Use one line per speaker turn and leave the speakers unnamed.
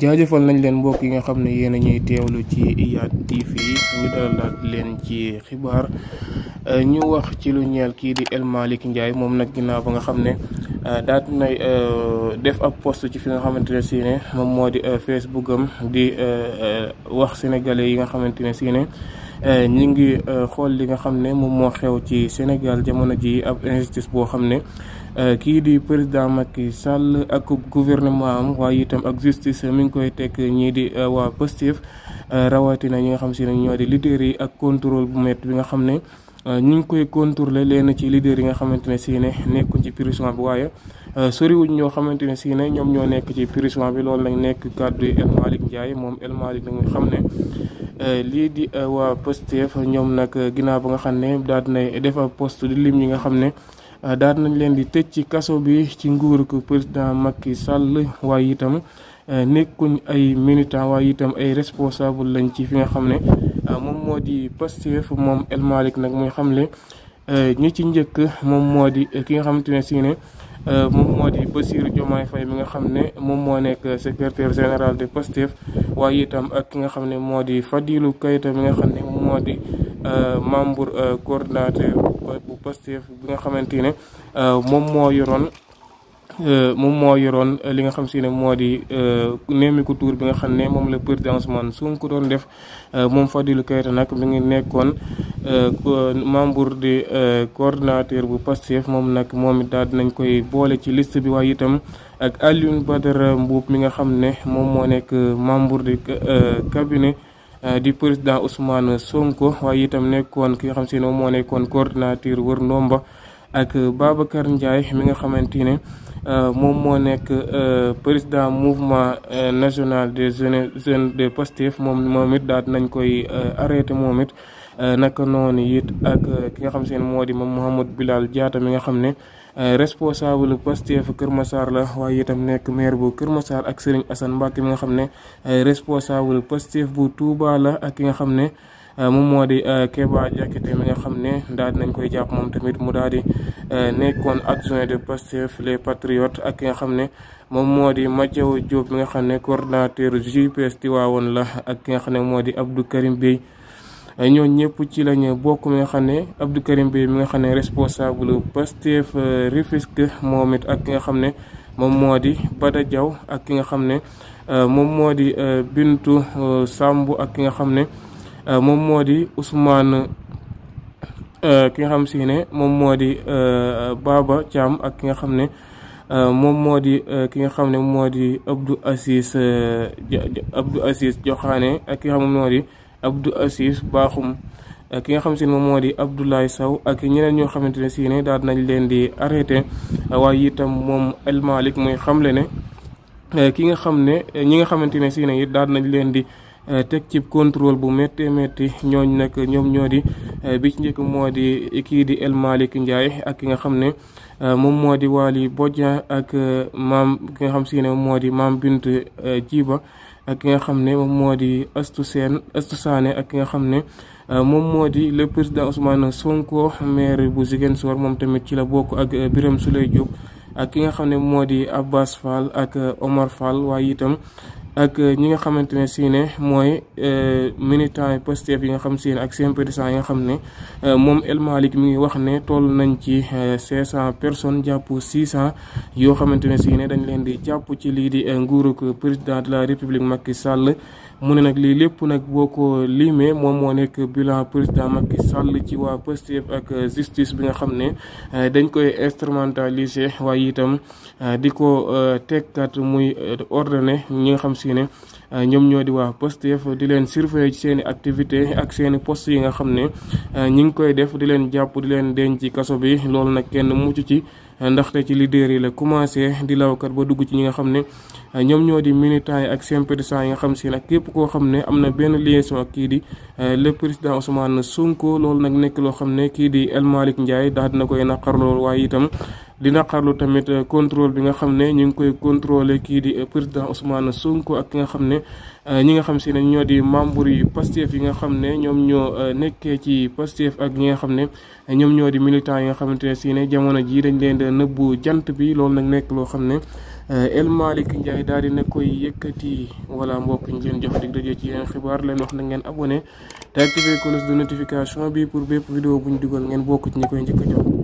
jaajëfal nañ leen mbokk yi nga xam ne yéen a ñuy teewlu ci di TV ñu dalal leen ci xibaar. ñu wax ci lu ñeel kii di El Malick Ndiaye moom nag ginnaaw ba nga xam ne euh, daat na euh, def ab post ci fi nga xamante ne si moom moo di euh, Facebook am di wax sénégalais yi nga xamante ne si ne ñi ngi xool li nga xam ne moom moo xew ci Sénégal jamono ji ab injustice boo xam ne kii di président Macky Sall ak gouvernement am waaye itam ak justice mi ngi koy tekk ñii di waa Pastef rawatina ñi nga xam si ne ñoo di leader yi ak contrôle bu métti bi nga xam ne Euh, ñu ngi koy contourner leen ci leader yi nga xamante ne si ne nekkuñ ci purisme bi waaye euh, soriwuñ ñoo xamante ne si ne ñoom ñoo nekk ci purisme bi loolu nag nekk kàddu yi El Malick Ndiaye moom El Malick nag nga xam ne euh, lii di waa Pastef ñoom nag ginnaaw ba nga xam ne daal dinay def ab poste di lim yi nga xam ne daal nañ leen di tëj ci kaso bi ci nguur ko président ki Sall waaye itam nekkuñ ay militant waaye itam ay responsable lañ ci fi nga xam ne moom moo di Pastef moom El Malick nag muy xamle euh, ñu ci njëkk moom moo di euh, ki nga xamante ne si ne euh, moom moo di Bassirou Diomaye fay mi nga xam ne moom moo nekk secrétaire général de Pastef waaye itam ak ki nga xam ne moo di Fadilou Keïta mi nga xam ne moom moo di membre coordinateur bu Pastef bi nga xamante ne moom moo yoroon Euh, moom moo yoroon euh, li nga xam si ne moo di euh, nemmiku tuur bi nga xam ne moom la président Ousmane Sonko doon def moom Fadilou Keita nag mi ngi nekkoon membre di coordinateur bu Pastef moom nag moom it daal dinañ koy boole ci liste bi waaye itam ak Alioune Badara mi nga xam ne moom moo nekk membre di cabinet di président Ousmane Sonko waaye itam nekkoon ki nga xam si ne moom moo nekkoon coordinateur wër ndomba ak Babacar Ndiaye mi nga xamante ne Euh, moom moo nekk euh, président mouvement euh, national des jeunes jeunes de postif moom moom it daal nañ koy arrêté moom it naka noonu it ak ki nga xam seen moo di moom Mouhamed Bilal Diatta mi nga xam ne responsable Pastef Kër Massar la waaye itam nekk maire bu Kër Massar ak Serigne Assane Mbacke mi nga xam ne responsable Pastef bu Touba la ak ki nga xam ne Euh, moom moo di euh, Keba Diakité mi nga xam ne daal nañ koy jàpp moom tamit mu daal di euh, nekkoon adjoint de Pastef les Patriotes ak ki nga xam ne moom moo di Mathieu Diop mi nga xam ne coordonnateur JPS Tiwaawoon la ak ki nga xam ne moo di Abdou Karim Bey ñoo ñëpp ci lañu bokk mi nga xam ne Abdou Karim Bey mi nga xam ne responsable Pastef Rufisque moom it ak ki nga xam ne moom moo di Bada Diaw ak ki nga xam ne moom moo di Bintu Samb ak ki nga xam ne Euh, moom moo di Ousmane euh, ki nga xam si ne moom moo di euh, Baba Thiam ak ki nga xam ne moom moo di ki nga xam ne moo di Abdou Aziz Abdou Aziz Joxaane ak ki nga xam ne moo di Abdou Aziz ki nga xam si ne moom moo di Abdoulaye Sow ak ñeneen ñoo xamante ne si ne daal nañ leen di arrêté waaye itam moom El mooy muy xamle ne ki nga xam ne ñi nga xamante ne si ne it daal nañ leen di. Eh, teg ci contrôle bu métti métti ñooñ nag ñoom ñoo di eh, bi ci njëkk moo di kii di El Malick Ndiaye ak ki nga xam ne eh, moom moo di Waly Bodian ak maam ki nga xam si ne moo di maam Bint Jiba ak ki nga xam ne moom moo di Astou Sène Astou Sané ak ki nga xam ne moom moo di le président Ousmane Sonko maire bu soor moom tamit ci la bokk ak Birame Souleye Diop ak ki nga xam ne moo di Abbas Fall ak Omar Fall waaye itam ak euh, ñi nga xamante ne si ne mooy euh, militants yi Pastef yi nga xam si ne ak sympathisants yi nga xam ne euh, moom El Malick mi ngi wax ne toll nañ ci cinq cent personnes jàpp six cent yoo xamante ne si ne dañ leen di jàpp ci lii di nguurug président de la république Macky Sall mu ne nag lii lépp nag boo ko limee moom moo nekk bilan président Macky Sall ci waa Pastef ak justice bi nga xam ne euh, dañ koy instrumentaliser waaye itam euh, di ko euh, tekkat muy ordonné ñi nga xam si ne ñoom ñoo di waa Pastef di leen surveiller ci seeni activité ak seeni poste yi nga xam ne ñi ngi koy def di leen jàpp di leen denc ci kaso bi loolu nag kenn mucc ci ndaxte ci leader yi la commencé di lawkat ba dugg ci ñi nga xam ne euh, ñoom ñoo di militants yi ak sympathisants yi nga xam si nag képp koo xam ne am na benn liaison ak kii di euh, le président Ousmane Sonko loolu nag nekk loo xam ne kii di El Malick Ndiaye daal dina koy naqar loolu waaye itam di naqarlu tamit euh, contrôle bi nga xam ne ñu ngi koy contrôler kii di euh, président Ousmane Sonko ak ki nga xam ne euh, ñi nga xam si ne ñoo di membre yi Pastef yi nga xam ne ñoom ñoo nekkee ci Pastef ak ñi nga xam ne ñoom ñoo di militant yi nga xamante ne si ne jamono jii dañ leen di nëbbu jant bi loolu nag nekk loo xam ne El Malick Ndiaye daal di nekk koy yëkkati wala mbokk ñu leen jox dig daje ci yen xibaar leen wax na ngeen abonné te activé cloche de notification bi pour bépp vidéo bu ñu dugal ngeen bokk ci ñi koy njëkk a